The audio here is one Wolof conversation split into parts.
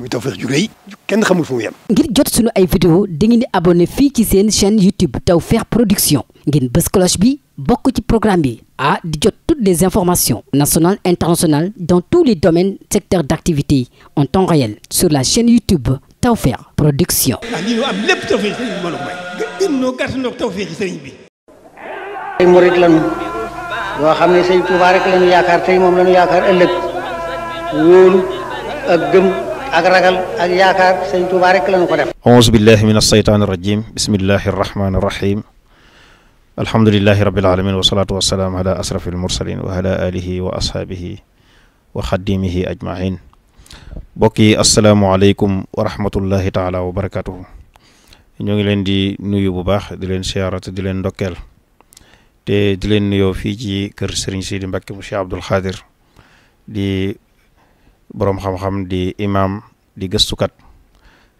muy Tawfekh ju rëy kenn xamul fu mu ngir jot sunu ay vidéo dangeen di abonné fii ci seen chaîne YouTube Tawfekh Production ngeen bës bi bokk ci programme bi ah di jot toutes les informations nationales internationales dans tous les domaines secteurs d'activité en temps réel sur la chaîne YouTube Tawfekh Production. ah lii ñu am xam ne sëñ Tuubaa rek lañu yaakaar tey moom lañu yaakaar ëllëg wóolu ak gëm. ak ragal ak yaakaar sëñ Tuubaa rek lañu ko def auzu billahi min alsheytaan irrajim bismillahi arrahmani irrahim alhamdulilahi rabil alamin wasalatu wasalaam ala asraf almursalin wa ala alihi wa ashaabihi wa xadimihi ajmain mbokk yi asalaamualeykum wa rahmatullahi taala wa barakatuhu ñoo ngi leen di nuyu bu baax di leen siyaarate di leen ndokkeel te di leen nuyoo fii ci kër Serigne Sidi Mbacke mu Cheikh Abdoul Khadir di boroom xam-xam di imam di gëstukat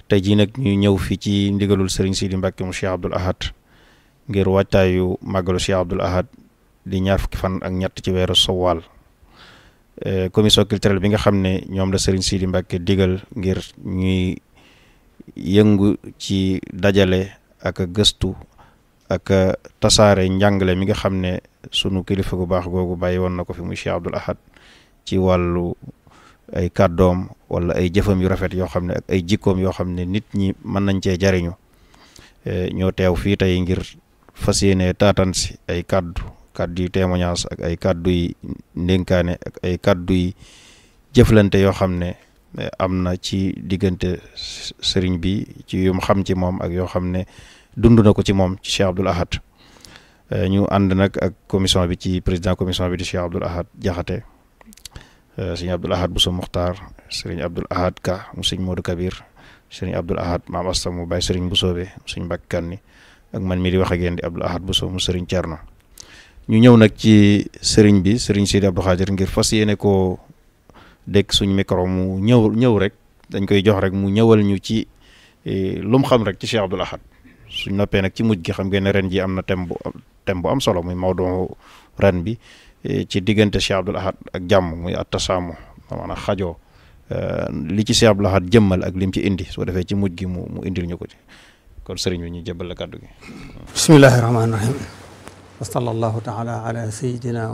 tey jii nag ñu ñëw fii ci ndigalul sëriñ Sidi Mbàkke mu Cheikh Abdoul Ahad ngir waajtaayu màggalu Cheikh Abdoul Ahad di ñaar fukki fan ak ñett ci weeru Sowal eh, commission culturelle bi nga xam ne ñoom la sëriñ Sidi Mbàkke digal ngir ñuy yëngu ci dajale ak gëstu ak tasaare njàngale mi nga xam ne sunu kilifa gu baax googu bàyyi woon na ko fi muy Cheikh Abdoul Ahad ci wàllu ay kàddoom wala ay jëfam yu rafet yoo xam ne ak ay jikkoom yoo xam ne nit ñi mën nañ cee jariñu e, ñoo teew fii tey ngir fas yéene taatan si ay kàddu kàddu yu témoignage ak ay kàddu yi ndénkaane ak ay kàddu yi jëflante yoo xam ne e, am na ci diggante sëriñ bi ci yum xam ci moom ak yoo xam ne dund na ko ci moom ci Cheikh Abdoul Ahad e, ñu ànd nag ak commission bi ci président commission bi di Cheikh Abdoul Ahad Jaxate Eh, sëñ Abdul Ahad Bousso Muxtaar sëriñ Abdul Ahad Ka mu sëñ Modou Kabir sëriñ Abdul Ahad maam Asta mu bàyyi sëriñ Bousso bi sëñ Mbàkke Kanni ak man mii di wax ak yéen di Abdul Ahad Bousso mu sëriñ Thierno ñu ñëw nag ci sëriñ bi sëriñ Sidi Abdou Xaadir ngir fas yéene ko dégg suñ micro mu ñëw ñëw rek dañ koy jox rek mu ñëwal ñu ci eh, lu mu xam rek ci Cheikh Abdul Ahad suñ noppee nag ci mujj gi xam ngeen ne ren ji am na thème bu thème bu am solo muy Maodo ren bi Eh, ci diggante Cheikh Abdoul Ahad ak jàmm muy at tasaamu xajoo eh, li ci Cheikh Abdoul Ahad jëmmal ak lim ci indi soo defee ci mujj gi mu mu indil ñu ko ci kon sëriñ ñu jëbal la kàddu gi bismillahi rahmaani rahim wa sallallahu taala ala sayidina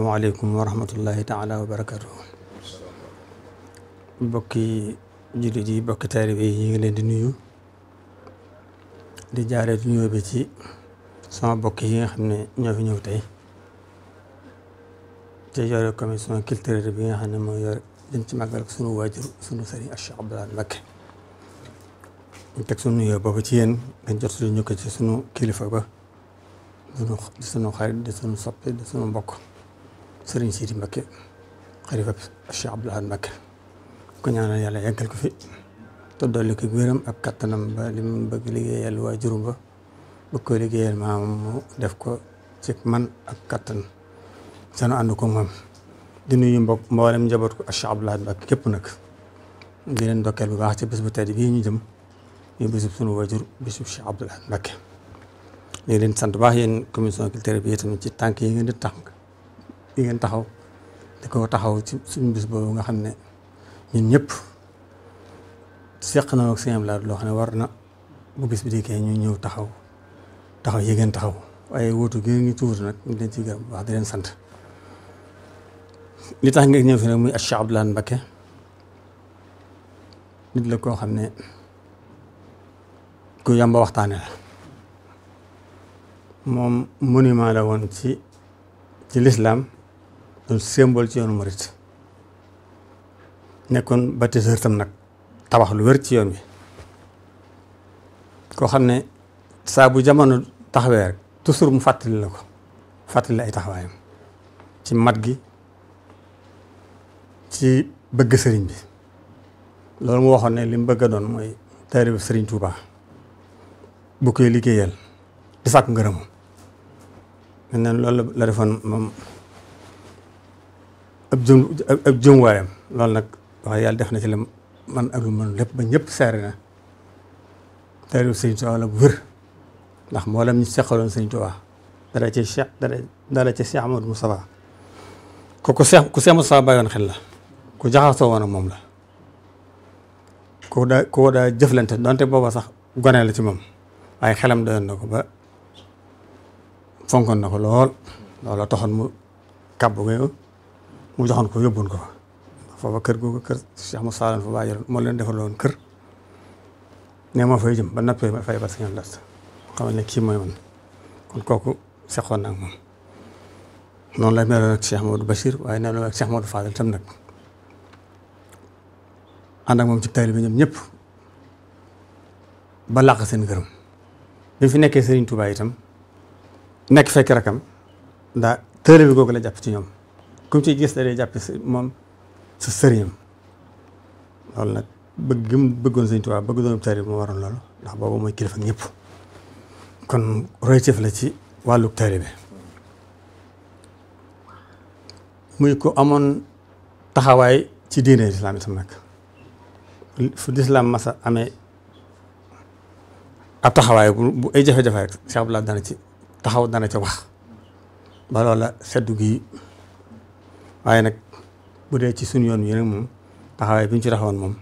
wa rahmatullahi taala wa barakatuhu mbokki jullit yi bokki taalibe yi nga leen di nuyu di jaaree nuyoo bi ci sama bokk yi nga xam ne ñoo fi ñëw tey te yore commission culturelle bi nga xam ne mooy yore jëm ci màggal sunu waajur sunu sëriñ Cheikh Abdoulaye Mbacké ñu teg sunu nuyoo boobu ci yéen nga jot suñu ñu ko ci sunu kilifa ba sunu sunu xarit di sunu soppi di sunu mbokk sëriñ Sidi Mbacké xalifa Cheikh Abdoulaye Mbacké ko ñaanal yàlla yeggal ko fi te dolli ko wéram ak kattanam ba li mu bëgg liggéeyal waa juróom ba bëgg ko liggéeyal maam mu def ko ci man ak kattan sanu ànd ko moom di nuyu mbokk mboolem njaboot ko ak Abdou Lahad Mbacké képp nag di leen ndokkeel bu baax ci bés bu tedd bi ñu jëm ñu bésub sunu wajur bésub Cheikh Abdou Lahad Mbacké ñu leen sant baax yéen commission culturelle bi tamit ci tànk yi ngeen di tànk yi taxaw di ko taxaw ci suñu bés nga xam ne ñun ñëpp seq na ak seen laat loo xam ne war na bu bis bi dikkee ñu ñëw taxaw taxaw yi taxaw waaye wutu gi ñu tuuti nag ñu leen ciy gërëm wax di leen sant li tax nga ñëw fi nag Cheikh Abdoulaye Mbacké nit la koo xam ne ku yamba waxtaane la moom monument la woon ci ci lislaam doon symbole ci yoonu murit nekkoon bâtisseur nag tabax lu wér ci yoon bi koo xam ne saa jamono taxawee rek toujours mu fàttali la ko fàttali ay taxawaayam ci mat gi ci bëgg sëriñ bi loolu mu waxoon ne li bëgg doon mooy taalibu sëriñ Touba bu koy liggéeyal di sàkk ngërëmam mel ne loolu la defoon moom ab jëm ab jëm waayam loolu nag wax yàlla def na ci la man ak lu lépp ba ñëpp seere na taalib sëñ Tuubaa la bu wër ndax mboolem ñu seqaloon sëñ Tuubaa dara ci Cheikh dara dara ci Cheikh Amadou Moustapha ko ku Cheikh ku Cheikh Moustapha la ku jaxasoo woon ak moom la koo daa jëflante donte booba sax gone la ci moom ay xelam doyoon na ko ba fonkoon na ko lool looloo toxoon mu kàbbu nga mu joxoon ko yóbbuwoon ko foofa kër googu kër Cheikh Moussa Sall fa waajuram moo leen defaloon kër ne moo fay jëm ba noppee ma fay ba si ngeen las xamal ne kii mooy kooku seqoon na moom. la meloon ak Cheikh Modou Bachir waaye na ak Cheikh Modou Fadel tam nag ànd moom ci taalibe bi ñoom ñëpp ba làq seen gërëm bi fi nekkee Serigne Touba itam nekk fekk rakam daa taalibe bi googu la jàpp ci ñoom. ku mu gis da dee jàpp moom sa sëriñam loolu nag bëgg gi mu bëggoon sëñ Tuubaa bëgg doon taarif moo waroon loolu ndax boobu mooy kilifa ñëpp kon royteef la ci wàllu taalibe muy ko amoon taxawaay ci diine lislaam itam nag fu lislaam masa amee ab taxawaay bu ay jafe-jafe rek Cheikh Abdoulaye dana ci taxaw dana ci wax ba loola seddu gi waaye nag bu dee ci suñu yoon yi nag moom taxawaay bi ñu ci taxawoon moom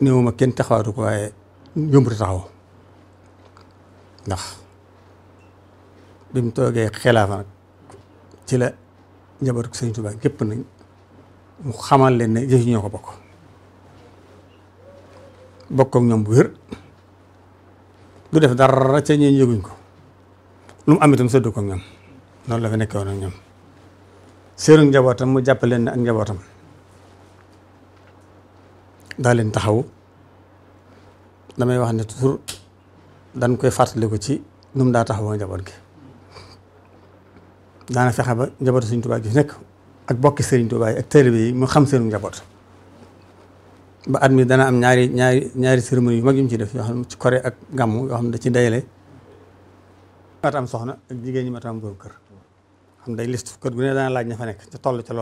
néewuma kenn taxawaatu ko waaye yombutu taxaw ndax bi mu toogee xilaafa nag ci la njabootu Sëñ Tuubaa gépp nañ mu xamal leen ne jëf ko bokk bokk ak bu wér du def dara ca ñeen yëguñ ko lu mu am itam sëddu ko ak ñoom la fa nekkoon ak ñoom seenu njabootam mu jàpp leen ne ak njabootam daa leen taxaw damay wax ne toujours dañ koy fàttaliku ci num mu daa taxawoo njaboot gi daana fexe ba njaboot Sëriñ gi nekk ak bokki Sëriñ ak taalibe mu xam seenu njaboot ba at mi dana am ñaari ñaari ñaari cérémonie yu mag yu mu ci def yoo xam ci koré ak gàmmu yoo xam ne da ci dayale mat am soxna ak jigéen ñi mat am góor kër xam day liste kër gu ne dana laaj ña fa nekk te toll ca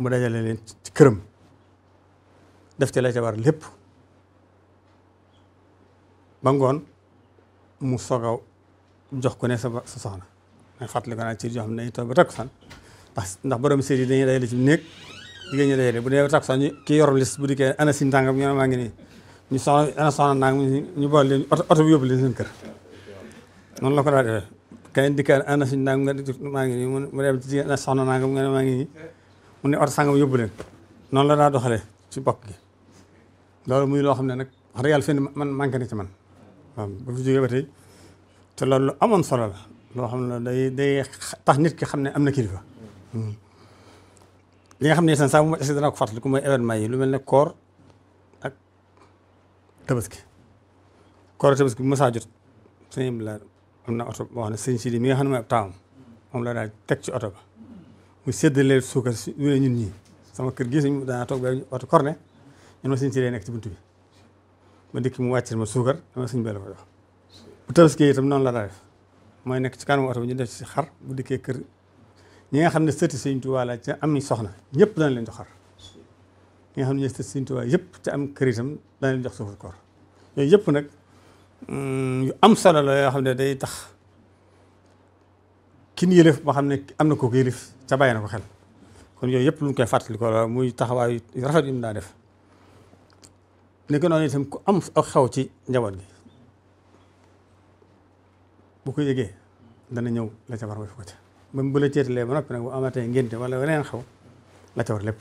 mu dajale leen ci këram def ci la ca lépp ba mu soog a jox ku ne sa sa soxna may fàttali ko naa ci yoo xam ne dañuy toog ba takkusaan ndax ndax borom séet yi dañuy dajale ci néeg jigéen ñi dajale bu dee ba takkusaan ñu kii yor liste bu dikkee ana si ndàngam ñu ne maa ngi nii ñu soxla ana soxna ndàngam ñu boole leen oto oto bi yóbbu leen seen kër noonu la ko daa defee kaay dikkaat ana suñ nga maa ngi nii mu dem ci ana maa ngi nii mu ne oto sangam yóbbu leen noonu la daa doxalee ci bokk gi loolu muy loo xam ne nag wax dëgg yàlla fii man manqué na te loolu lu amoon solo la loo xam ne day day nit ki xam ne am na kilifa. Hmm. li nga xam ne sax saa bu ma essayé danaa ko fàttaliku mooy événement yi lu mel ne koor ak tabaski koor ak tabaski bu ma saa jot am na oto boo xam ne sëñ Sidi mi nga xam ne mooy ab moom la daa teg ci oto ba mu sedd séddalee suukar si ñun ñi sama kër gii suñu daanaa toog oto corne ñun ma sëñ ci buntu bi ma dikk mu wàccil ma suukar dama sëñ Bello ko jox bu tabaskee la daa def nekk ci kanamu oto bi ñu def ci xar bu dikkee kër ñi nga xam ne sëti sëñ Tuubaa la ca am soxna ñëpp dana leen jox xar ñi nga xam ne sëti sëñ Tuubaa yëpp ci am kër itam dana leen jox suukar koor yooyu yëpp nag yu am solo la yoo xam ne day tax kin yëlëf boo xam ne am na ko ko yëlëf ca bàyyi na ko xel kon yooyu yëpp lu ñu koy fàttali ko muy taxawaay rafet yu mu daa def nekk noonu sam ko am ak ci njaboot gi bu ko yégee dana ñëw la ca war mooy fu ko ca même bu la ceetalee ba noppi nag bu amatee ngénte wala weneen xaw la ca lépp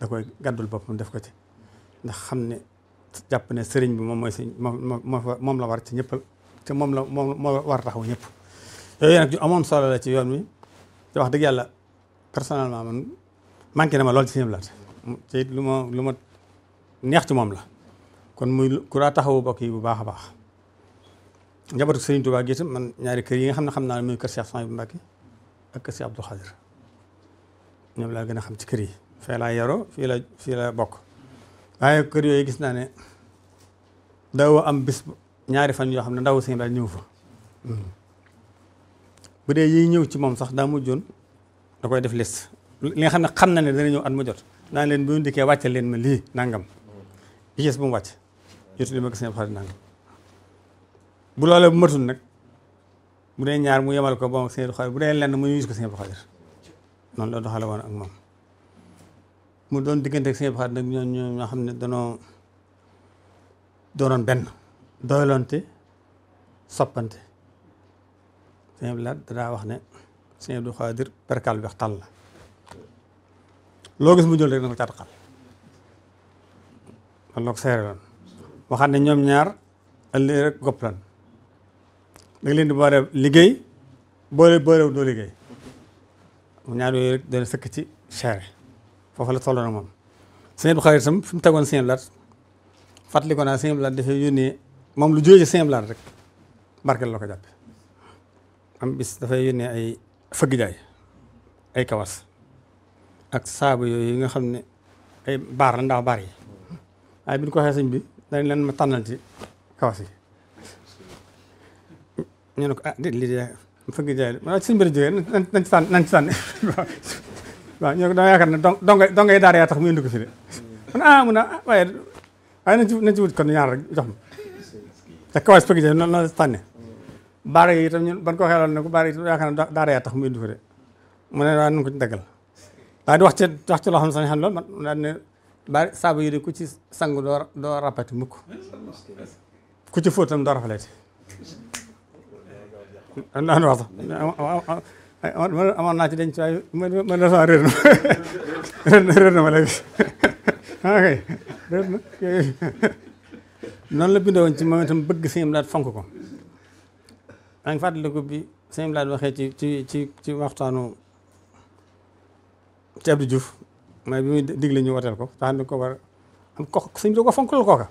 da koy gàddul boppam def ko ci ndax xam ne jàpp ne sëriñ bi moom mooy si moom moom la war ci ñëpp te moom la moom moo war taxaw ñëpp yooyu nag ñu amoon solo la ci yoon mi te wax dëgg yàlla personnellement man manqué na ma lool ci Sëriñ Abdou te lu ma lu ma neex ci moom la kon muy ku daa taxawu bokk yi bu baax a baax njabootu Sëriñ Tuubaa gi itam man ñaari kër yi nga xam ne xam naa muy kër Cheikh Souhaïbou Mbacké ak kër Cheikh Abdou Khadre ñoom laa gën a xam ci kër yi fee laa fii la fii la bokk waaye kër yooyu gis naa ne daaw am bis ñaari fan yoo xam ne ndaw seen daal ñëw fa bu dee yiy ñëw ci moom sax daa mujjoon da koy def liste li nga xam ne xam na ne dana ñëw at mu jot naa leen bu ñu dikkee wàcce leen ma lii nangam yi bu mu wàcc yotu li ma gis ne xarit nag bu dee ñaar mu yemal ko ba mu seen bu dee lenn mu ñu gis ko seen xarit noonu la doxale woon ak moom mu doon diggante ak seen xaar nag ñoo ñoo xam ne danoo doonoon benn doylante soppante sëñ bi laat wax ne sëñ Abdou Xaadir perkal weex tàll la loo gis mu jël rek na ko caataxal man loo ko seereeloon waxaat ne ñoom ñaar ëllë rek gopplan da nga leen di boole liggéey boole boolewu doo liggéey ñaar yooyu rek dana sëkk seere foofu la toll na moom sëñ bu xarit itam fi mu tegoon sëñ Blaat fàttali ko naa sëñ Blaat dafay yónnee moom lu jógee sëñ Blaat rek barkeel la ko jàppe am bis dafay yónnee ay fëgg jaay ay kawas ak saabu yooyu yi nga xam ne ay baar la ndax baar yi bi ñu ko waxee sëñ bi dañ leen ma tànnal ci kawas yi ñu ne ko ah déet lii de fëgg jaay ma sëñ bi la jógee nañ ci tànn nañ waaw ñoo ko dama yaakaar ne donc dongay daara yaa tax mu indi ko fi de man a mun naa ah, ah, waaye waaye nañ ko nañ ci wut ñaar rek jox ma te kawa pëgg ja noonu la tànne baara yi itam ñun ban ko xeloon ne ko baara yi itam yaakaar ne daara tax mu indi ko de mu ne waaye nañ ko ci daggal di wax ci wax ci loo xam ne sax xam loolu man daal ne baari saabu yi de ku ci sangu doo doo rapati mukk ku ci fóotam doo rafalete an wax sax man amoon naa ci denc waaye man la sax réer na ma léegi ok la bindoo woon ci moom itam bëgg sëñ Abdou Lahad fonk ko maa ngi fàttaliku bi sëñ Abdou Lahad waxee ci ci ci ci waxtaanu ci di Diouf mooy bi muy digle ñu wateel ko tax ko war ko sëñ bi da ko fonk la kooka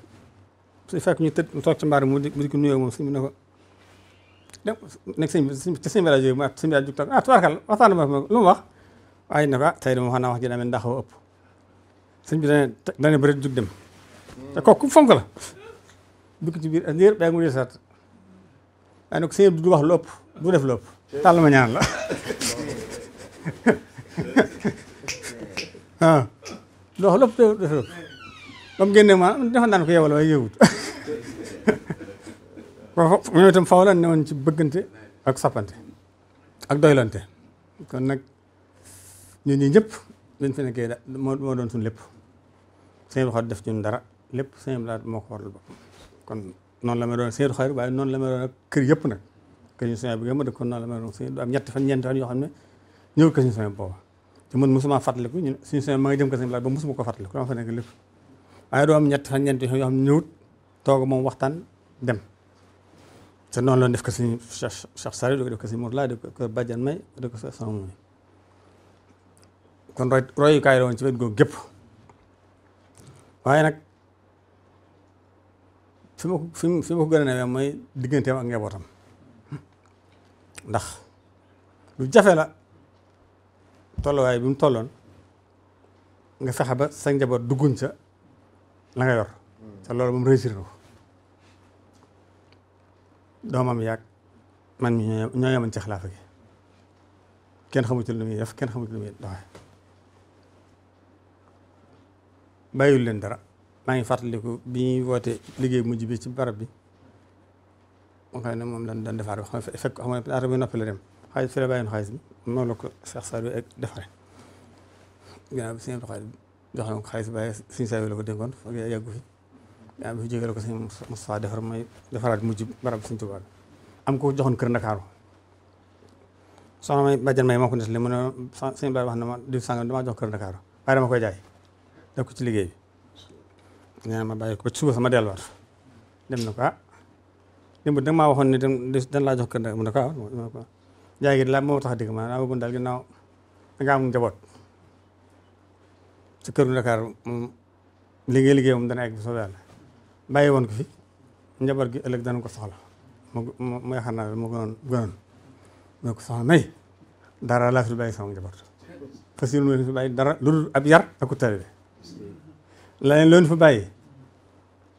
su fekk ñu tëdd toog ci mbaar mu di ko nuyoo moom sëñ bi ne ko dem nekk sëñ ci sëñ rajo yi mu at sëñ rajo toog ah tubaarkal ma lu wax waaye na ko ah tey dama wax naa wax ji daa mel ëpp sëñ bi dane dane jug dem te kooku fonk la dugg ci biir ak niir bàyyi wax lu ëpp du def lu ëpp tàll ma ñaan la ah. du wax lu ëpp ba mu génne ma dafa naan ko yeewal waaye yëwut ñoom tam faaw leen ne woon ci bëggante ak soppante ak doylante kon nag ñun ñi ñëpp dañ fi nekkee da moo moo doon suñ lépp seen xol def ñun dara lépp seen laat moo ko waral boppam kon noonu la may doon seen xol waaye noonu la may doon nag bi nga ma dëkkoon noonu la may doon seen du am yoo xam ne ñëw kër ñu seen booba te man mosuma fàttaliku ñun suñu seen ma nga jëm kër seen laat ba mosuma ko fàttaliku dama fa nekk lépp waaye doo am ñetti fan ñeenti yoo xam ne ñëwut toog moom waxtaan dem te noonu la def ko suñu Cheikh Saliou def ko suñu Mourala def ko Badiane May def ko sama moom kon roy royukaay la woon ci wet googu gépp waaye nag fi ma ko fi ma ko gën a newee mooy digganteem ak njabootam ndax lu jafe la tolluwaay bi mu tolloon nga fexe ba sa njaboot dugguñ ca la nga yor te loolu moom réussir na ko doomam yàgg man mi ñoo yemoon ci xilaafa gi kenn xamut lu muy def kenn xamut lu muy doxee bàyyul leen dara maa ngi fàttaliku bi ñuy woote liggéey mujj bi ci barab bi moo xam ne moom lan daan defar xam fekk xam nga arab bi noppi la dem xaalis fi la bàyyoon xaalis bi noonu la ko Seex Saadu ak defare ginnaaw bi seen jox ko xaalis bàyyi suñu la ko dénkoon yàggu fi daa am fi jóge defar may defaraat mujj barab sëñ Tuubaa am ko joxoon kër Ndakaaru soxna may bàjjan may moo na ma diw sàngam damaa jox kër koy jaay def ko ci liggéey bi ma bàyyi ko ci suba sama delluwaat dem na ko ah démb danga maa waxoon ni dañ laa jox kër Ndakaaru mu ne ko ah, moo tax dëgg ma daa daal ginnaaw danga am këru Ndakaaru moom liggéey liggéey moom dana egg bu soobee yàlla bàyyi woon ko fi njaboot gi ëllëg dana ko soxla mu mu yaakaar naa mu gënoon mu ko soxla nay dara laa fi bàyyi sama njaboot fas yéene fi bàyyi dara lu dul ab yar ak ku tëddee leneen loolu fa bàyyi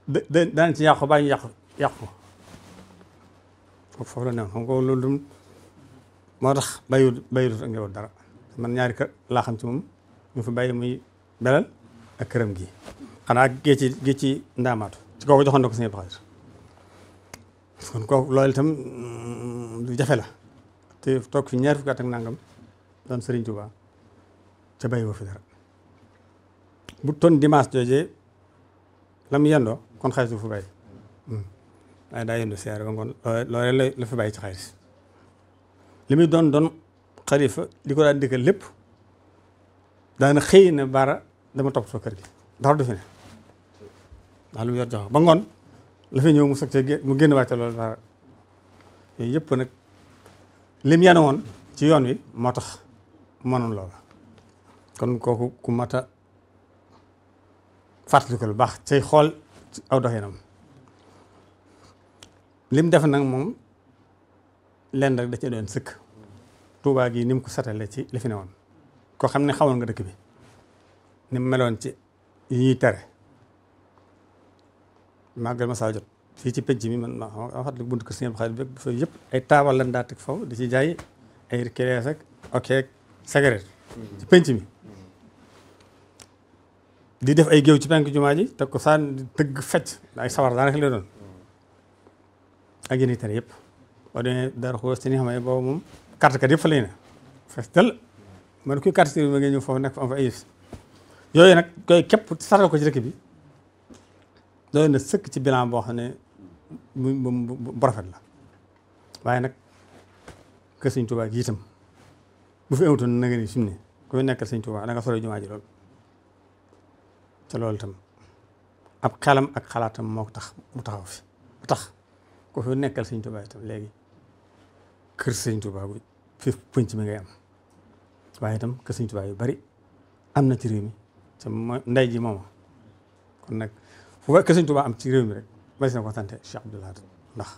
da da daan ci yàqu foofu la ne xam nga tax bàyyiwut bàyyiwut ak dara man ñaari kër laa xam ci moom mu fi bàyyi muy belal ak këram gi xanaa géej ci géej ci ndaamaatu kooku joxoon na ko Sëñ Abdou Khadre kon kooku loolu itam mm, jafe la te toog fi ñaar fukki at ak nangam doon Sëriñ Tuubaa ca bàyyi woo fi dara bu ton dimanche joojee la mu yendoo kon xaalis du fi bàyyi mm. waaye daa ci xaalis li muy doon doon xalifa li ko daan dikkal lépp daana xëy na dama topp soo kër gi dara du fi ne ndax lu mu ba ngoon la ñëw mu sog cee mu génn wàcce loolu dara yooyu yëpp nag lim yanu woon ci yoon wi moo tax mënoon loola kon kooku ku mat a fàttali ko lu baax cay xool aw doxinam lim def nag moom lenn rek da cee doon sëkk Tuubaa gi ni mu ko satale ci li woon koo xam ne xamoon nga dëkk bi ni meloon ci yi ñuy tere màggal masaa jot fii ci penc mi man ma xam buntu kër Sëñ Abdou Khadre bi foofu yëpp ay taabal lan daa teg foofu di ci jaay ay kirees ak ok ak cigarette ci penc mi di def ay géew ci penk jumaa ji teg ko saan tëgg fecc ay sawar daanaka lay doon ak yéen itam yëpp boo demee dara xoos ci ni xam ne boobu moom carte kat yëpp fa lay ne fees dal man kuy carte ma nga ñëw foofu nekk fa am fa ay yëf yooyu nag koy képp saral ko ci dëkk bi doy na sëkk ci bilan boo xam ne bu rafet la waaye nag kër sëñ Tuubaa gi itam bu fi amatoon na nga ni suñu ne ku fi nekkal sëñ Tuubaa da nga sore jumaa ji lool te loolu itam ab xelam ak xalaatam moo ko tax mu taxaw fi mu tax ku fi nekkal sëñ Tuubaa itam léegi kër sëñ Tuubaa bi fi pënc mi ngay am waaye itam kër sëñ Tuubaa yu bari am na ci réew mi te mooy ndey ji mooma kon nag fu fekk sëñ Tuubaa am ci réew mi rek ma si na ko sante ndax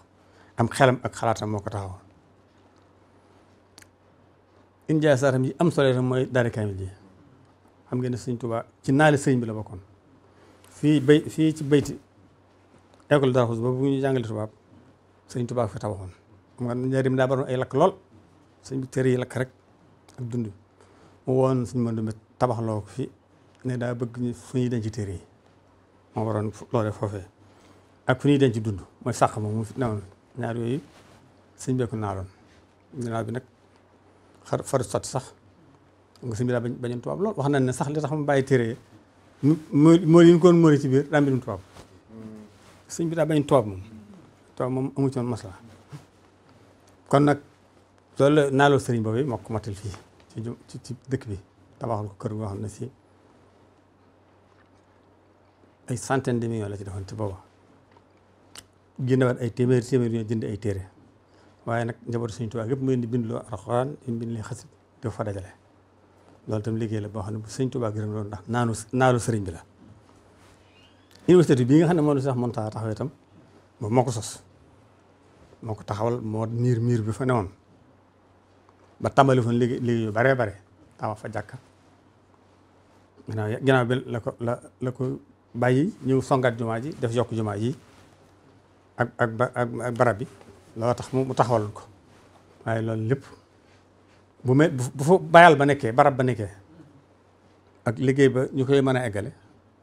am xelam ak xalaatam ko taxawoon india yi am solo mooy daari ji xam ngeen ne sëñ ci naali sëñ bi la bokkoon fii fii ci bayti école d'arxus bu ñu jàngale tubaab sëñ fi tabaxoon xam nga njëriñ daa baroon ay lakk lool sëñ bi téere yi lakk rek ak dund mu woon suñ mën du tabax loo ko fi ne daa bëgg ñu fu ñuy denc téere yi moo waroon loolee foofee ak fu ñuy denc dund mooy sàq ma mu newoon ñaar yooyu sëñ beeku naaloon ginnaaw bi nag xar faru sax nga sëñ bi daa bañoon tubaab lool wax nañ ne sax li tax mu bàyyi téere moo yi ñu koon mori ci biir daa mbirum tubaab sëñ bi daa bañ tubaab moom tubaab moom amu ci woon masla kon nag loolu naa naaloo sëriñ boobu moo ko matal fii ci dëkk bi tabaxal ko kër goo xam ne si ay centaine de millions la ci defoon ci booba jëndewaat ay téeméeri téeméeri ñoo jënd ay téere waaye nag njabootu Sëriñ Tuubaa yëpp mu leen di bindloo alxuraan di bind leen xasit di fa dajale loolu tam liggéey la boo xam ne bu Sëriñ Tuubaa gërëm loolu ndax naanu naalu sëriñ bi la université bii nga xam ne moo sax taa taxaw itam moom moo ko sos moo ko taxawal moo miir miir bi fa newoon ba tàmbali fa liggéey liggéey baree bare taxaw fa jàkka ginnaaw bi la ko la la ko bàyyi ñëw songaat jumaa ji def yokk jumaa ji ak ak ak barab bi loo tax mu taxawaloon ko waaye loolu lépp bu mel bu fa bayal ba nekkee barab ba nekkee ak liggéey ba ñu koy mën a eggale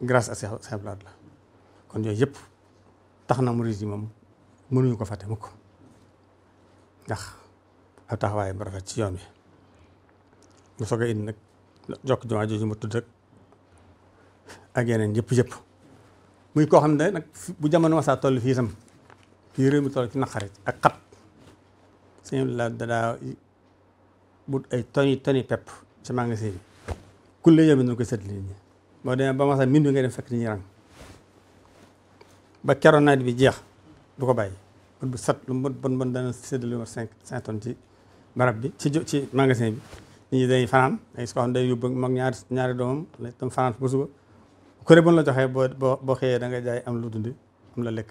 grâce à Cheikh Abdou la kon yooyu yëpp tax na mu yi moom mënuñu ko fàtte ko ndax ab taxawaay bu rafet ci yoon wi mu soog a indi nag jokk jumaa jooju ma tudd rek ak yeneen yëpp yëpp muy ko xam ne nag bu jamono masaa toll fii itam fii réew mi toll ci naqare ak xat sëñ la danaa but ay toni toni pepp ci magasin bi kulle yow mi noonu koy seetlu nit ñi boo demee ba masaa mindu nga dem fekk nit ñi ba keroon nawet bi jeex du ko bàyyi bët bu sat lu mu bon bon dana séddale ma cinq ci barab bi ci ci magasin bi nit ñi day fanaan day su ko xam day yóbbu mag ñaari ñaari doomam lay tam fanaan ba suba kuré bu la joxee boo boo xëyee da nga jaay am lu dundi am la lekk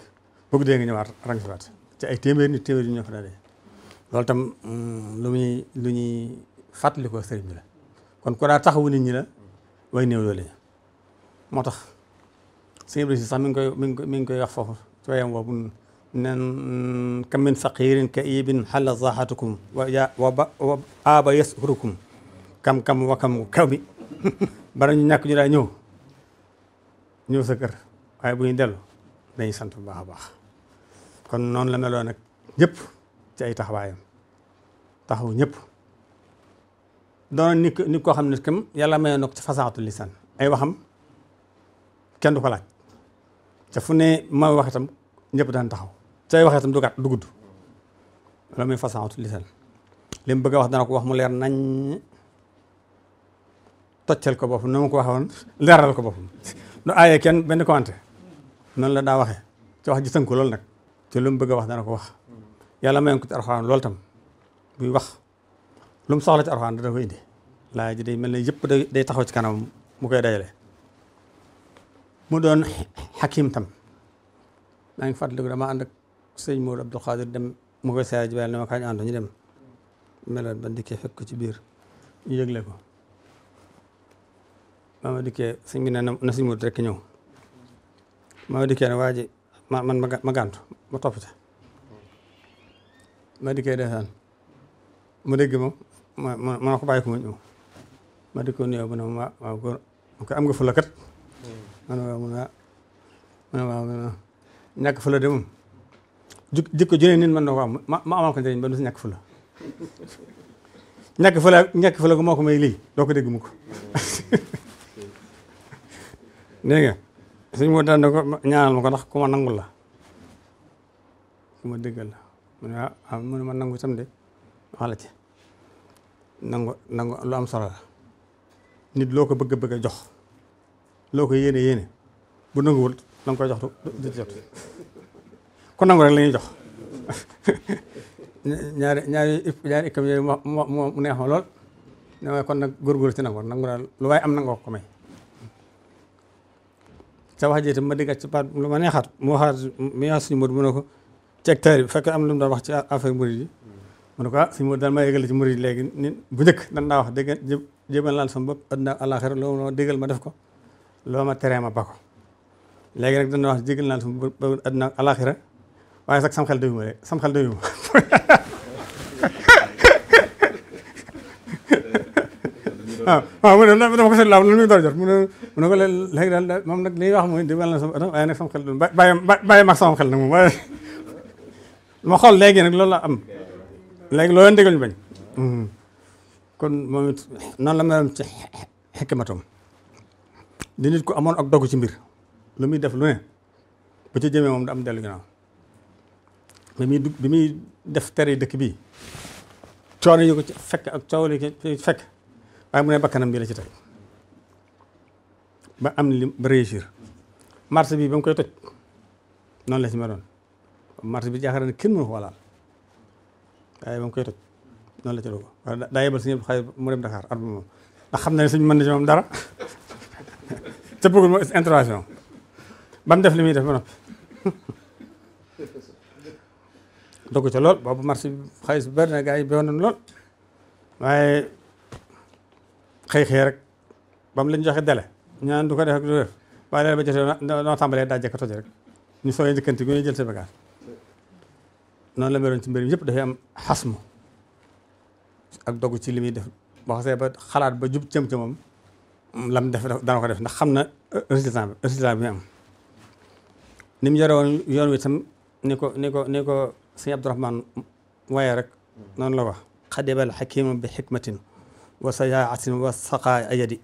bëgg dee nga ñëwaat rang si waat ci ay téeméer nit téeméer ñu ñoo fa loolu tam mm, lu muy lu ñuy fàttali ko sëriñ bi kon ku daa taxawu nit ñi la way tax sëriñ bi sax mi ko koy mi ngi koy mi ngi koy wax foofu ci wayam boobu nen kam min faqirin ka ibin xalla zahatukum wa ya wa ba wa aaba yasurukum kam kam wa kam kami bara ñu ñàkk ñu daa ñëw ñëw sa kër waaye bu ñu dellu dañuy sant bu baax a baax kon noonu la meloon nag ñëpp ci ay taxawaayam taxaw ñëpp doon nit nit koo xam ne kam yàlla mayoon na ko ci fasaatu lisan ay waxam kenn du ko laaj te fu ne ma wax ñëpp daan taxaw te ay wax itam du gàtt du gudd loolu mooy lisan li mu bëgg a wax dana ko wax mu leer nañ toccal ko boppam na ma ko waxoon leeral ko boppam du aayee kenn benn ko ante noonu la daa waxee ci wax ji ko lool nag te lu mu bëgg a wax dana ko wax yàlla mayoon ko ci arxaan loolu tam buy wax lu mu soxla ci arxaan dana ko indi laa ji day mel na yëpp day day taxaw ci kanam mu koy dajale mu doon xakim tam maa ngi fàttaliku dama ànd ak sëñ Maodo Abdou Khadir dem mu koy saaya ji bàyyi ne ma kañ ànd ñu dem melal ba ndikkee fekk ko ci biir ñu yëgle ko ma dikkee sëñ bi ne na sëñ Moodu rek ma dikkee ne waa ma man ma gàntu ma topp ca ma dikkee desaan ma dégg ma ma ma ko ma ñëw ma di nuyoo mu ne ma waaw ma ne waaw mu ne ma ne de moom jikko junee nit mën na am ma ma amal ko ba du si ñàkk fula ñàkk fula ñàkk fula ko moo ko may lii dégg nga sëñ moo daan ko ñaanal ma ko ndax ku ma nangul la ku ma dëggal la mu ne ah mu ne ma nangu sam ci nangu nangu lu am solo la nit loo ko bëgg a bëgg a jox loo ko yéene yéene bu nanguwul da nga koy jox du jot ku nangu rek la jox ñaari ñaari ñaari ikkam yooyu moo moo mu neex ma lool ne kon nag góor góorgóor ci nangu nangu daal lu waaye am nangoo ko may ca wax jiite ma diggat ci baat lu ma neexaat mu waxaat mu yaa suñu mur mu ne ko cegtaar bi fekk am lu mu doon wax ci affaire murid yi mu ne ko ah suñu mur daan ma yëgal si murid yi léegi ni bu njëkk dan daa wax dégg jébal laal sama bopp adduna àllaaxira loo ma digal ma def ko loo ma teree ma ba ko léegi nag wax jégal laal sama bopp adduna àllaaxira waaye sax sam xel doyuma rek sam xel doyuma waaw waaw mu ne dama ko seet laaw loolu mi ngi door a jot mu ne mu ne ko léegi daal moom nag wax mooy di mel na sama atam waaye nag sama ma xool léegi nag loolu la am léegi loo leen déggal ñu bañ kon la meloon ci xekkimatam ak dogu ci mbir lu muy def lu ci jëmee moom da am bi muy bi muy def tere dëkk bii coono yi ko ci fekk ak coow li fekk waaye mu ne bakkanam bi la ci tey ba am li ba réussir marché bi ba mu koy toj noonu la ci meloon marché bi jaaxal na kenn ko walaal waaye ba mu koy toj noonu la ci doon wala daa yebal suñu xay mu dem Dakar at moom ndax xam na ne suñu mën na ci moom dara te bëggul ma intervention ba mu def li muy def ba noppi ca lool boobu marché bi xaalis bi bëri yi bewoon lool xëy xëy rek ba mu la ñu joxe dele ñaan du ko def ak du def waaye dele ba jotee daa jekk rek ñu sooy njëkkanti gu ñu jël sa bagage noonu la meroon ci mbir mi yëpp dafay am xasmu ak dogu ci li muy def boo xasee ba xalaat ba jub cëm cëmam lam def dana ko def ndax xam na résultat bi résultat bi mu am ni mu yore woon yoon wi ni ko ni ko ni ko sëñ Abdourahmane waaye rek noonu la wax xadibal xakima bi xikmatin وسياعة وسقاء أيدي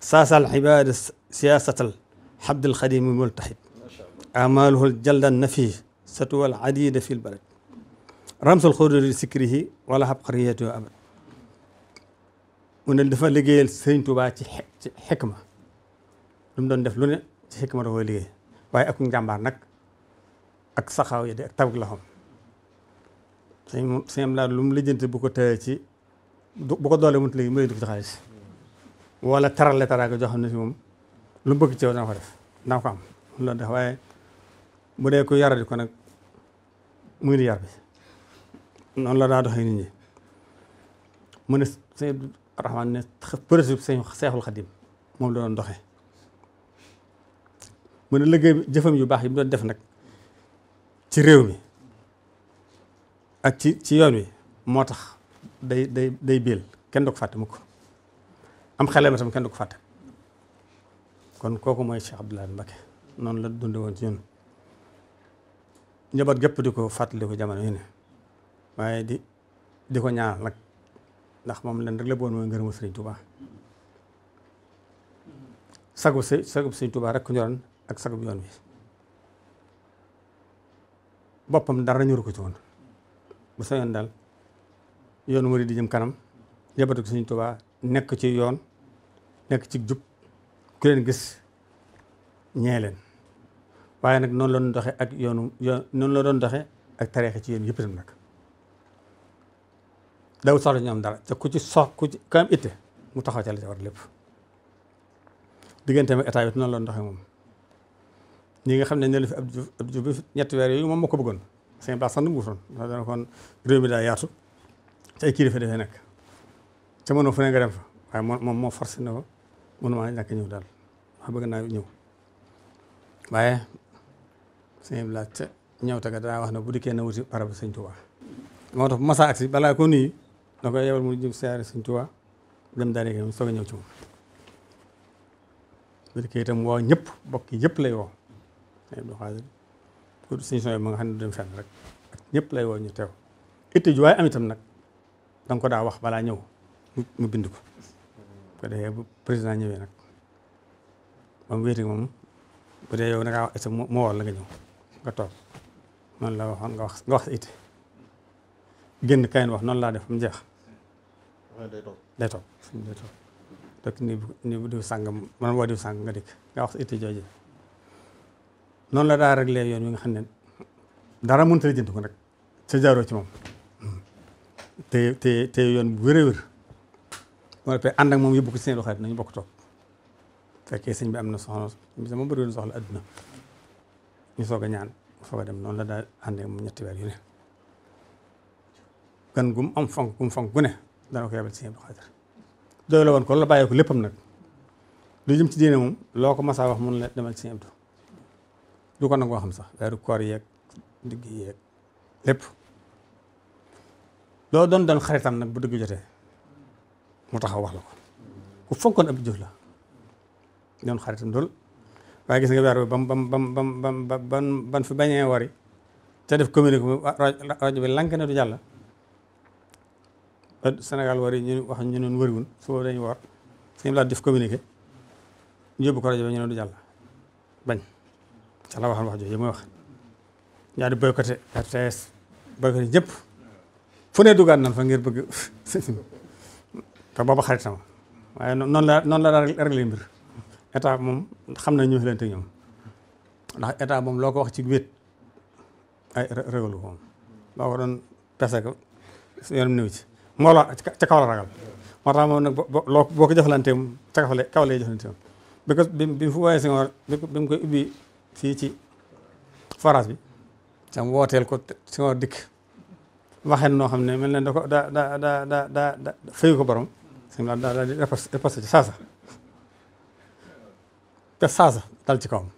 ساس العباد سياسة الحبد الخديم الملتحد أعماله الجل النفي ستوى العديد في البلد رمز الخضر لسكره ولا عبقريته أبدا mu ne dafa liggéeyal sëñ Tuubaa ci ci xikma lu doon def lu ne ci xikma da liggéey waaye ak njàmbaar nag ak saxaaw yi de ak tawag loxoom sëñ moom sëñ am laa lu mu lijjante bu ci bu ko doole wut léegi mbéy du ko xaalis wala tarale taraga joo xam ne si moom lu mu bëgg ci yow dana ko def dana ko def waaye bu dee ko yaradi ko nag muy di yar bi noonu la daa doxee nit ñi mu ne sëñ Rahmaan ne principe sëñ Seexul Xadim moom la doon doxee mu ne liggéey jëfam yu baax yi mu doon def nag ci réew mi ak ci ci yoon wi moo tax day day day biil kenn du ko fàtte mukk am xelam itam kenn du ko fàtte kon kooku mooy Cheikh Abdoulaye Mbacke noonu la dunde woon ci ñun njaboot gépp di ko fàttaliku jamono yi ne waaye di di ko ñaanal nag ndax moom leen rek la boon mooy ngërëmu Sëriñ Tuuba sagub si sagub Sëriñ Tuuba rek ku ak sagub yoon wi boppam dara ñuru ko ci woon bu sa yoon daal yoonu murid di jëm kanam yebatu ko Sëriñ Tuubaa nekk ci yoon nekk ci jub ku leen gis ñee leen waaye nag noonu la doon doxe ak yoonu yoon noonu la doon doxe ak tariixa ci yéen yëpp itam nag dawul soxla ñu am dara te ku ci sox ku ci ka itte mu taxaw ca la ca war lépp digganteem ak état noonu la doon moom ñi nga xam ne ne la fi Abdou Diouf Abdou Diouf ñetti weer yooyu moom moo ko bëggoon seen baax sax nu mu wutoon dana kon réew mi daa yaatu te ay kilifa dafay nekk ca mënoo fu ne dem fa waaye moom moo forcé ne ko mënuma bëgg naa ñëw waaye sëñ bi wax ne bu dikkee na wuti barab sëñ Tuubaa moo balaa ko nuyu da koy yebal mu jëm siyaare sëñ Tuubaa dem lay woo sëñ Abdou ma nga xam ne du dem fenn rek ñëpp lay woo ñu teew itte ju waaye am nag danga ko daa wax balaa ñëw mu bind ko bu ko defee ñëwee nag moom wéeti yow da ngaa wax it moo war la nga ñëw nga toog noonu la waxoon nga wax nga wax sa it génn kayin wax noonu laa def mu jeex. day toog day toog day toog nii bu diw sàng man woo diw sàng nga dikk nga wax sa it jooju noonu la daa réglé yoon wi nga xam ne dara mënut a jënd ko nag sa jaaroo ci moom. te te te yoon bu wér a wér ànd ak moom yóbbu ko si seen loxo nañu bokk toog fekkee sëñ bi am na soxla bi sama bëri soxla adduna ñu soog a ñaan dem noonu la daal ànd ak moom ñetti weer yu ne gan gu mu am fonk gu mu fonk gu ne dana ko yabal si seen loxo doy la woon ko la bàyyee ko léppam nag lu jëm ci diine moom loo ko masaa wax mun la demal ci seen du ko nangoo xam sax weeru koor yeeg digg yeeg lépp loo doon doon xaritam nag bu dëgg jotee mu taxaw wax la ko ku fonkoon ab jëf la doon xaritam lool waaye gis nga weer bi bam bam bam bam bam ban ban fi bañee wari te def communiqué rajo bi lank ne du jàll ba Sénégal wari ñu wax ñu noon wariwun suba dañu war suñu laa def communiqué ñu yóbbu ko rajo bi ñu ne du jàll bañ ca la waxoon wax jooju mooy wax ñaari boycotté RTS boycotté ñëpp fu ne dugaan nan fa ngir bëgg te booba xarit sama waaye noonu la noonu la daal réglé mbir état moom xam na ñu xelante ñoom ndax état moom loo ko wax ci wét ay régalu ko moom loo ko doon pese ko yoonam néew ci moo la kaw la ragal moo tax moom nag loo boo ko jëflantee moom ca kaw la kaw lay jëflante moom bi bi fu waaye Senghor bi mu koy ubbi fii ci forage bi sam wooteel ko Senghor dikk waxeen noo xam ne mel na da ko da da da da da da fayu ko borom sëñ bi daal di riposte ci saasa te saasa dal ci kawam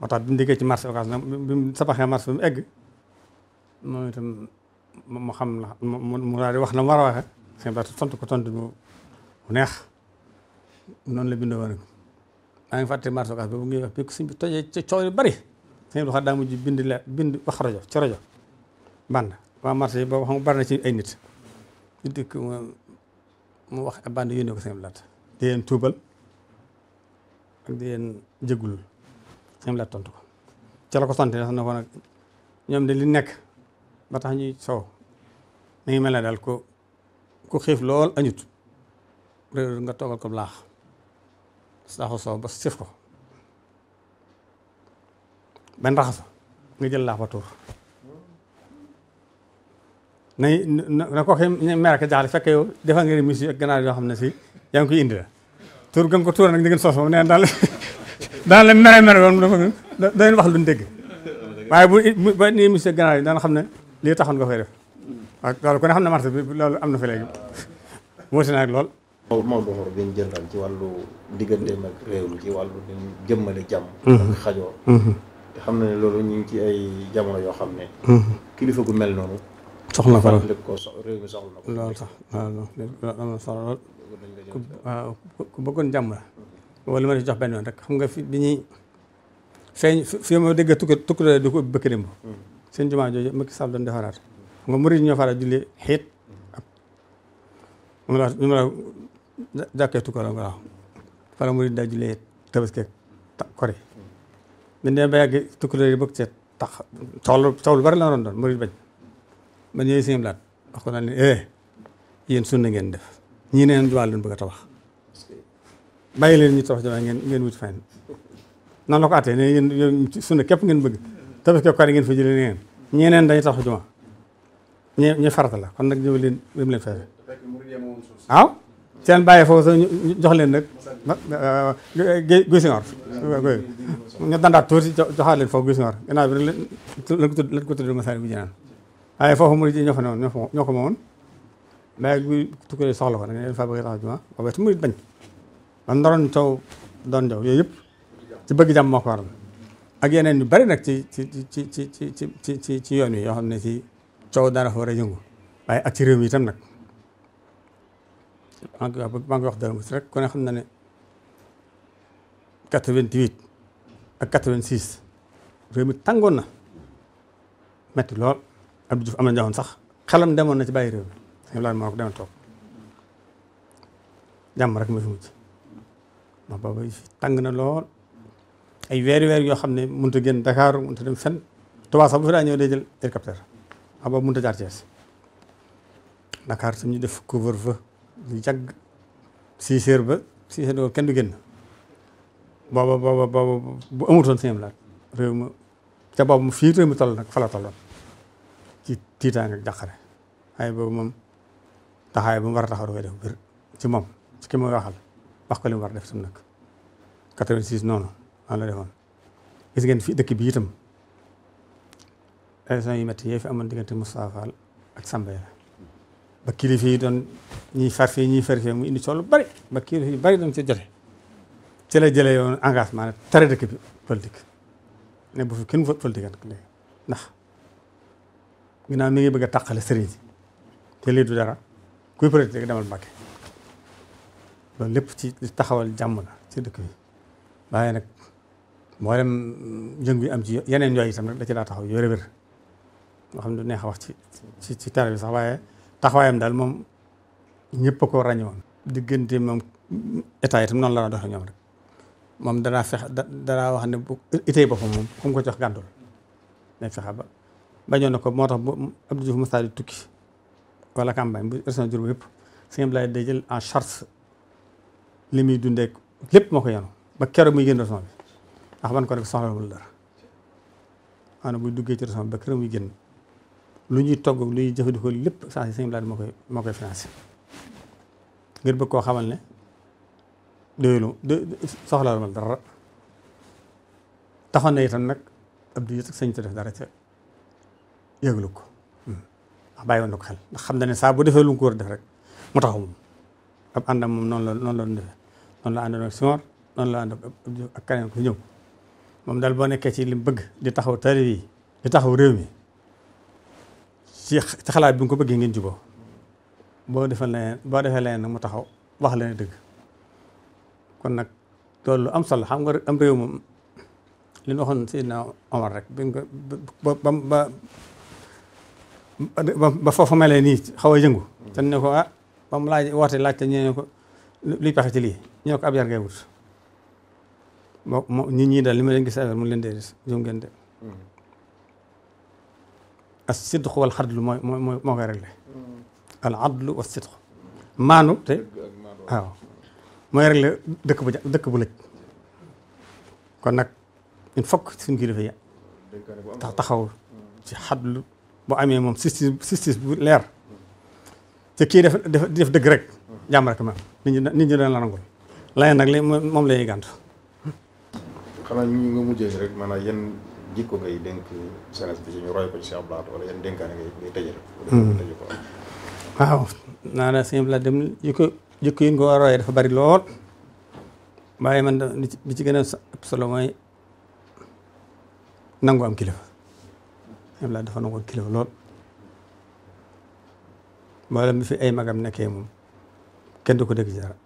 moo tax bi mu diggee ci marché occasion nag bi mu sabaxee marché bi mu egg moom itam mu xam la mu daal di wax la mu war a waxee sëñ bi daal tontu ko tontu bu neex noonu la bindoo woon maa ngi fàtte marché occasion boobu ngay wax bi suñ bi tojee ci coow yu bari sëñ bi daa mujj bind la bind wax rajo ci rajo bànn waa marché yi boobu xam nga bari ci ay nit ñu dikk mu wax ab bande yónnee ko seen laat di leen tuubal ak di leen jégul seen laat tontu ko ca la ko sant sax na ko nag li nekk ba tax mi ngi mel ne daal ko ku xiif lool añut réer nga toogal ko laax saaxu soow ba sif ko benn raxas nga jël laax ba tuur nañ na ko mer ak jaaxle fekk yow defal nga mus ak ganaar yoo xam ne si yaa ngi koy indi la tur gën ko tuura nag di ngeen sos moom neen daal daal la mere mere yoon dafa dañu wax luñ dégg waaye bu ba ni mus ak ganaar yi daan xam ne lii taxoon nga koy def waaw loolu kon xam ne marché bi loolu am na fi léegi wóote na ak lool Maodo Mor bi ci wàllu digganteem ak réew ci wàllu jëmmale jàmm mm-hmm. ak xajoo mm-hmm. te xam na ne loolu ñu ngi ci ay jamono yoo xam ne mm-hmm. kilifa gu mel noonu soxla ko lool sax am na solo lool waaw ku bëggoon jàmm la wala li ma di jox benn yoon rek xam nga fi bi ñuy feeñ fi ma dégg tukki tukki di ko bëkk démb seen jumaa jooju Macky Sall doon defaraat xam nga murid ñoo faral julli xiit ak mu la ñu ma la jàkkee tukki la waaw fala murid daa julli tabaski ak kori hmm. bi ne ba yàgg tukki yi bëgg see tax coow bari la doon doon murid bañ ba ñëwee seen laat wax ko daal ne eh sunna ngeen def ñii neen jumaa lañ bëgg a tabax bàyyi leen ñu tabax jumaa ngeen ngeen wuti fenn noonu la ko àttee ne yéen sunna képp ngeen bëgg tabax képp kaar ngeen fa jëlee neen ñeneen dañuy tabax jumaa ñe ñe farata la kon nag ñëw leen dem leen fexe waaw seen bàyyi foofu sax jox leen nag uh, guy guy singor ñu dandaat tuuti joxaat leen foofu guy singor gannaaw bi rek lañ ko tudd lañ ko tudd masaari bu naan waaye ah, foofu murid yi ñoo fa newoon ñoo ko ñoo ko moomoon waaye bu soxla ko da ngeen faa bëgg a taxaw jumaa waaye su murid bañ man ndoroon coow doon jaw yooyu yëpp ci bëgg jàmm moo ko waral ak yeneen yu bari nag ci ci ci ci ci ci ci ci yoon wi yoo xam ne ci cow dara fa war a yëngu waaye ak ci réew mi itam nag maa ngi wax maa si wax dara rek ku xam na ne tàngoon na metti lool. Abdou Diouf am na ñoo xam sax xelam demoon na ci bàyyi réew mi sëñ Abdoulaye moo ko demee toog jàmm rek ma fi mujj ndax booba tàng na lool ay weeri weer yoo xam ne mënut a génn Dakar mënut a dem fenn Tuubaa sax bu fi daa ñëw day jël hélicoptère waaw boobu mënut a jaar Thiès Dakar ñu def couvre-feu lu yàgg six ba six heures kenn du génn booba booba booba bu amutoon sëñ Abdoulaye réew ma ca boobu fii réew mi toll nag fa la tolloon ci tiitaange ak jàqare ay boobu moom taxaay bu mu war a taxaw da biir ci moom ci ki muy waxal wax ko li war def tam nag 86 noonu noonu la defoon gis ngeen fi dëkk bi itam élection yu métti yee fi amoon diggante Moustapha ak Samba Yara ba kilifa yi doon ñiy far fii ñiy far fii mu indi sol lu bari ba kilifa bari doon ci jote ci la jëlee yoon engagement ne tere dëkk bi politique ne bu fi kenn politique léegi ndax ñu naan mi ngi bëgg a taqale sëriñ si te lii du dara kuy politique rek demal Mbàkke loolu lépp ci taxawal jàmm la ci dëkk bi waaye nag mboolem yëngu yi am ci yeneen yooyu itam rek da ci laa taxaw yore wér nga xam ne du neex a wax ci ci ci tara bi sax waaye taxawaayam daal moom ñëpp a ko ràññewoon. diggante moom état itam noonu la la doxee ñoom rek moom danaa fex danaa wax ne bu itee boppam moom ku mu ko jox gàntul nekk fexe ba. bañoon ne ko moo tax bu Abdou Diouf Moussa di tukki wala campagne bu yëpp sëñ Abdoulaye day jël en charge li muy dundeek lépp moo ko yenu ba keroog muy génn région bi ndax man ko ne soxlawul dara maanaam buy duggee ci région ba keroog muy génn lu ñuy togg lu jëfandikoo lépp saa si sëñ Abdoulaye koy moo koy financé ngir bëgg koo xamal ne doyuloo soxlawul dara taxoon na itam nag Abdou Diouf sañ def dara ca. yëglu ko ndax bàyyi woon ko xel ndax xam na ne saa bu defee lu mu ko war a def rek mu taxaw moom ab noonu la noonu la doon defee noonu la ku ñëw moom daal boo nekkee ci li mu bëgg di taxaw taalib yi di taxaw réew mi ci xalaat bi nga ko bëggee ngeen juboo boo defal leneen boo defee leneen nag mu taxaw wax leen dëgg kon nag loolu lu am solo xam nga am réew moom li ñu waxoon Seydina Omar rek ba foofu melee nii xaw a yëngu te ko ah ba mu laaj woote laajte ñu ne ko luy pexe ci lii ñu ne ko ab yar ngay wut moo moo nit ñi li ma leen gis affaire leen de mm-hmm. as sidqu wal xadlu mooy al adlu wa sidqu maanu te waaw mooy réglé dëkk bu dëkk bu lëj kon nag il faut que suñu kilifa yi taxaw ci xadlu bu amee moom justice justice bu leer te kii def def dëgg rek jàmm rek ma nit ñi nit ñi dana la nangul leneen nag li moom lay ñuy gàntu. xanaa ñu nga mujjee rek maanaam yan jikko ngay dénk sénégalais bi ñu roy ko ci Cheikh Blate wala yan dénkaane ngay ngay tëjee hmm. waaw naa la sëñ dem ko jikko yi ko war a royee dafa bari lool waaye man bi ci gën a solo mooy nangu am kilifa. ñoom laa defa nangoon kilifa lool mboolem bi fi ay magam nekkee moom kenn du ko dégg dara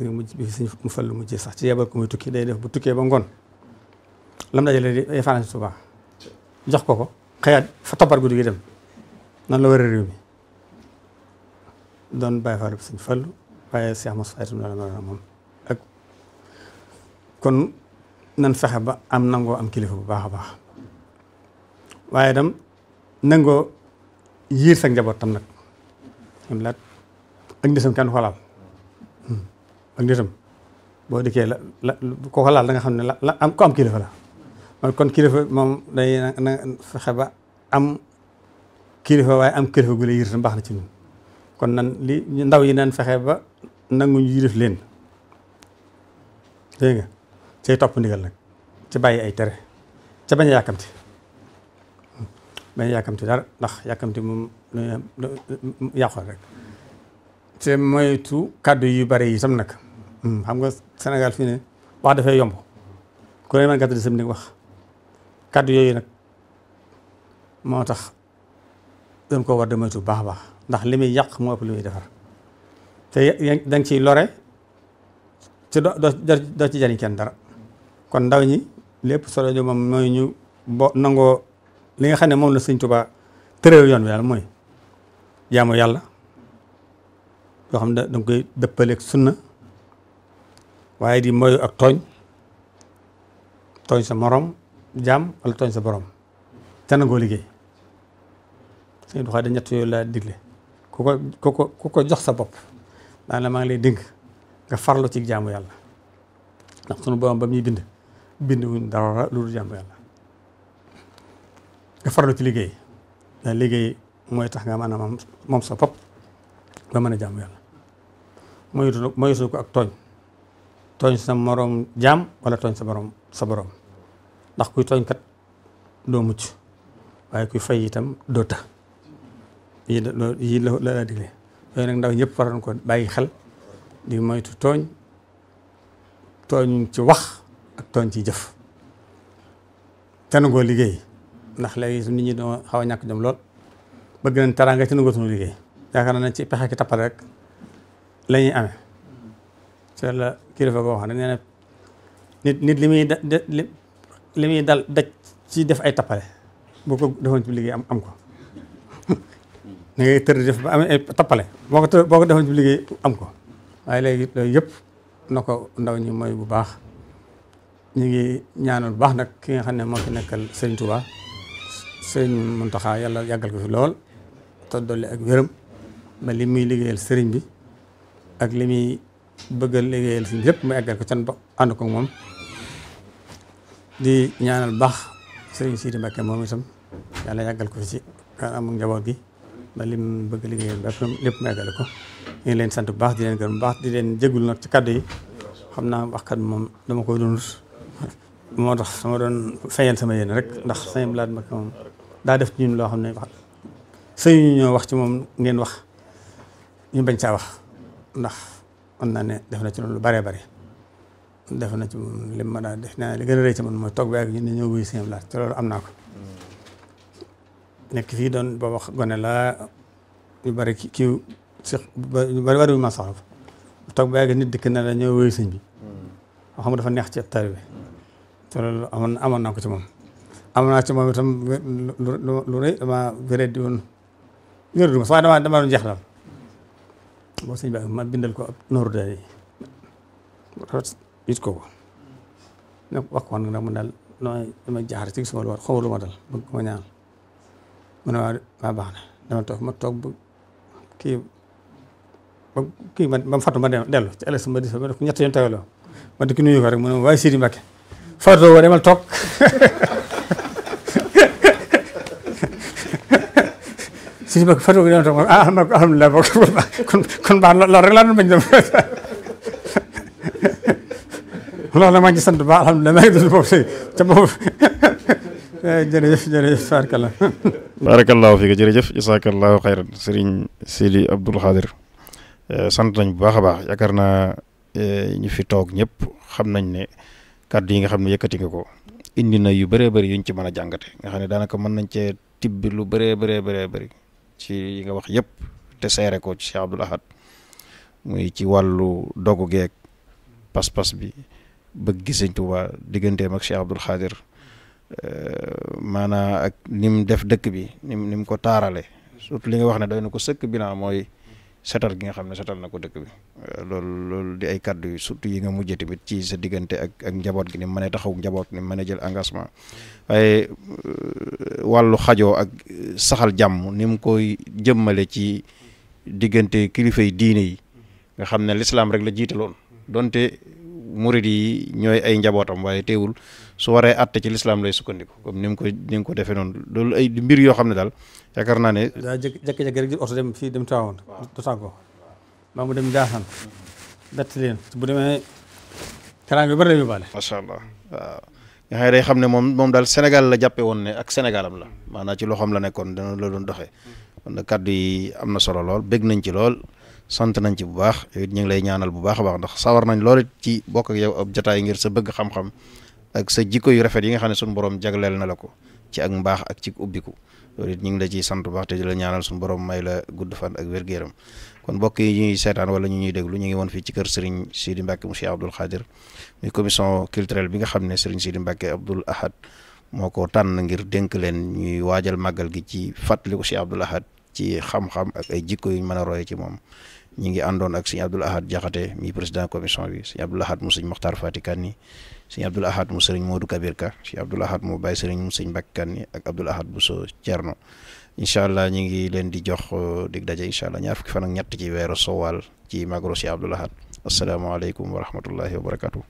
mu mujj bi suñ mu fal sax ci yebal ko muy tukki day def bu tukkee ba ngoon lam dajale di ay suba jox ko ko xëyaat fa toppat guddi gi dem noonu la war a doon fa rek suñ fal waaye Cheikh Moussa itam la ma moom ak kon nan fexe ba am nangoo am kilifa bu baax a baax waaye dam nangoo yiir sa njaboot tam nag kon laat ak ndisam kenn xoolaal hmm. ak ndisam boo dikkee la la ko xoolaal da nga xam ne la am ko am kilifa la kilifa moom day fexe ba am kilifa waaye am kilifa gu la yiir tam baax na ci ñun kon nan li ndaw yi naan fexe ba nangu ñu yilif leen dégg nga cay topp ndigal nag ci bàyyi ay tere ca bañ a yàkkamti bañ yàkkamti dara ndax yàkkamti mu yàqoon rek te moytu kàddu yu bari yi sam nag hmm, xam nga Sénégal fii ne defee dafay yomb ku ne man gàttal sam ni wax kàddu yooyu nag moo tax dañ ko war da moytu baax baax ndax li muy yàq moo ëpp li defar te da nga ciy lore te doo doo ci jariñ kenn dara kon ndaw ñi lépp solo ñu moom mooy ñu bo nangoo li nga xam ne moom la sëñ Tuubaa tëral yoon wi daal mooy jaamu yàlla yoo xam ne da nga koy dëppaleeg sunna waaye di moyu ak tooñ tooñ sa moroom jaam wala tooñ sa boroom te nangoo liggéey sëñ Tuubaa da ñett yooyu laa digle ku ko ku ko ko jox sa bopp daan la maa ngi lay dénk nga farlu ci jaamu yàlla ndax sunu borom ba muy bind bind wuñ dara lu dul jaamu yàlla nga farlu ci liggéey liggéey mooy tax nga man a moom sa bopp ba mën a jaamu yàlla ko ak tooñ tooñ sa moroom jaam wala tooñ sa moroom sa borom ndax kuy tooñ kat doo mucc waaye kuy fay itam doo ta yi yii la la laa digle yooyu nag ndaw ñëpp waroon ko bàyyi xel di moytu tooñ tooñ ci wax ak tooñ ci jëf te nangoo liggéey ndax léegi su nit ñi doo xaw a ñàkk jom lool bëgg nañ teraanga te nangootuñu liggéey yaakaar nañ ci pexe ki tappale rek la ñuy amee la kilifa goo xam ne nee na nit nit li muy li muy dal daj ci def ay tappale boo ko defoon ci liggéey am am ko da ngay def ba amee ay tappale boo ko boo ko defoon ci liggéey am ko waaye léegi loolu yëpp na ko ndaw ñi moy bu baax ñu ngi ñaanal bu baax nag ki nga xam ne moo fi nekkal Serigne Touba sëriñ Muntaxa yàlla yàggal ko fi lool te dolli ak wéram ma li muy liggéeyal sëriñ bi ak li muy bëgg a liggéeyal sëriñ yëpp mu yàggal ko can ba ànd ko moom di ñaanal baax sëriñ yàlla yàggal ko fi ci kanamu njaboot gi ba li mu bëgg a liggéeyal ba lépp mu yàggale ko ñu leen sant bu baax di leen gërëm bu baax di leen jégalu nag ci kàddu yi xam naa waxkat moom dama koy doon moo tax sama doon fayal sama yéen rek ndax sëñ Blad Mbacke moom daa def ci ñun loo xam ne wax sëñ ñu ñoo wax ci moom ngeen wax ñu bañ caa wax ndax mën naa ne def na ci loolu lu bare bare def na ci moom lim ma daa def naa li gën a rëy ci man mooy toog ba ak ñu ne ñoo wuyu sëñ laat am naa nekk fii doon ba wax gone laa ñu bari ki kiw si ñu bari bari ma soxla ko toog nit dikk na la ñoo wuyu sëñ bi mm. xam nga dafa neex ci taalibe mm. te loolu amoon amoon naa ko ci moom am naa ci moom itam lu lu lu rëy dama gëree di woon wérdu ma sax dama dama doon jeexal boo sëñ bi ma bindal ko ab nooru daal yi it ko ko ne wax ko nag mun daal ma dal bëgg ma ñaan mu ne dama toog ma toog bu kii ba kii mu fàttu ma dellu ci ëllëg sama dis ma def ko ñett yoon tawaloo ma di ki nuyu ko rek mu waaye Sidi Mbacke fàttoo woo demal toog si si bokk fa toog doon toog ah alhamdulilah bokk kon kon baax loolu rek laa doon bañ la maa ngi sant ba alhamdulilah maa ngi si te sant nañ bu baax a baax yaakaar naa eh, ñu fi toog ñëpp xam nañ ne kàddu yi nga xam ne yëkkati nga ko indi na yu bare bëri yuñ ci mën a jàngate nga xam ne daanaka mën nañ cee tibbi lu bëree bëree bëree bëri ci yi nga wax yëpp te seere ko ci Cheikh Abdoul Ahad muy ci wàllu dogu geeg pas-pas bi bëgg gis Sëñ Tuubaa digganteem ak Cheikh Abdoul Xaadir euh, maanaa ak nim def dëkk bi nim nim ko taarale surtout li nga wax ne doy na ko sëkk bilan mooy setal gi nga xam ne setal na ko dëkk bi euh, loolu loolu di ay kàddu yi surtout yi nga mujjee tamit ci sa diggante ak ak njaboot gi ni mën a taxaw njaboot ni mën a jël engagement waaye euh, wàllu xajoo ak saxal jàmm ni koy jëmmale ci diggante kilifa yi diine yi nga xam ne lislaam rek la jiitaloon donte murid yi ñooy ay njabootam waaye teewul su waree àtte ci lislaam lay sukkandiku comme ni mu ko ni mu ko defe noonu loolu ay mbir yoo xam ne daal yaakaar naa ne. daa jékki-jékki rek di dem fii ko Tivaouane. du tàggoo dem Ndiassane. bett leen bu demee karaan bi bari la ñu baale. macha allah waaw. nga xam ne moom moom daal Sénégal la jàppe woon ne ak Sénégalam la maanaam ci loxoom la nekkoon dana la doon doxee. kon nag kàddu yi am na solo lool bég nañ ci lool. sant nañ ci bu baax it ñu ngi lay ñaanal bu baax a baax ndax sawar nañ lool ci bokk ak yow ab jotaay ngir sa bëgg xam-xam ak sa jikko yu rafet yi nga xam ne sun borom jagleel na la ko ci ak mbaax ak ci ubbiku loolu it ñu ngi la ciy sant bu baax te di la ñaanal suñu borom may la gudd fan ak wér kon mbokk yi ñuy seetaan wala ñu ñuy déglu ñu ngi woon fii ci kër sëriñ Sidi Mbacke mu Cheikh Abdoul Khadir muy commission culturelle bi nga xam ne sëriñ Sidi Mbacke Abdoul Ahad moo ko tànn ngir dénk leen ñuy waajal màggal gi ci fàttaliku Cheikh Abdoul Ahad ci xam-xam ak ay jikko yu mën a roye ci moom ñu ngi àndoon ak sëriñ Abdoul Ahad Jaxate mi président commission bi sëriñ Abdoul Ahad mu sëriñ Mokhtar Fatikan ni sëñ Abdoul Ahad mu sëriñ Modou Kabir Ka sëñ Abdoul Ahad mu bàyyi sëriñ mu sëñ Mbàkke Kanni ak Abdoul Ahad bu so Cerno incha allah ñu ngi leen di jox uh, dig daje incha allah ñaar fukki fan ak ñett ci weeru sowaal ci magro sëñ Abdoul Ahad asalaamaaleykum wa rahmatullahi wa barakaatu.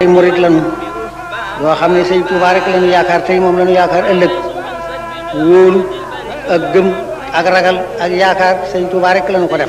ay sëñ Tuubaa ak gëm ak ragal ak yaakaar sëñ Tuubaa rek lañu ko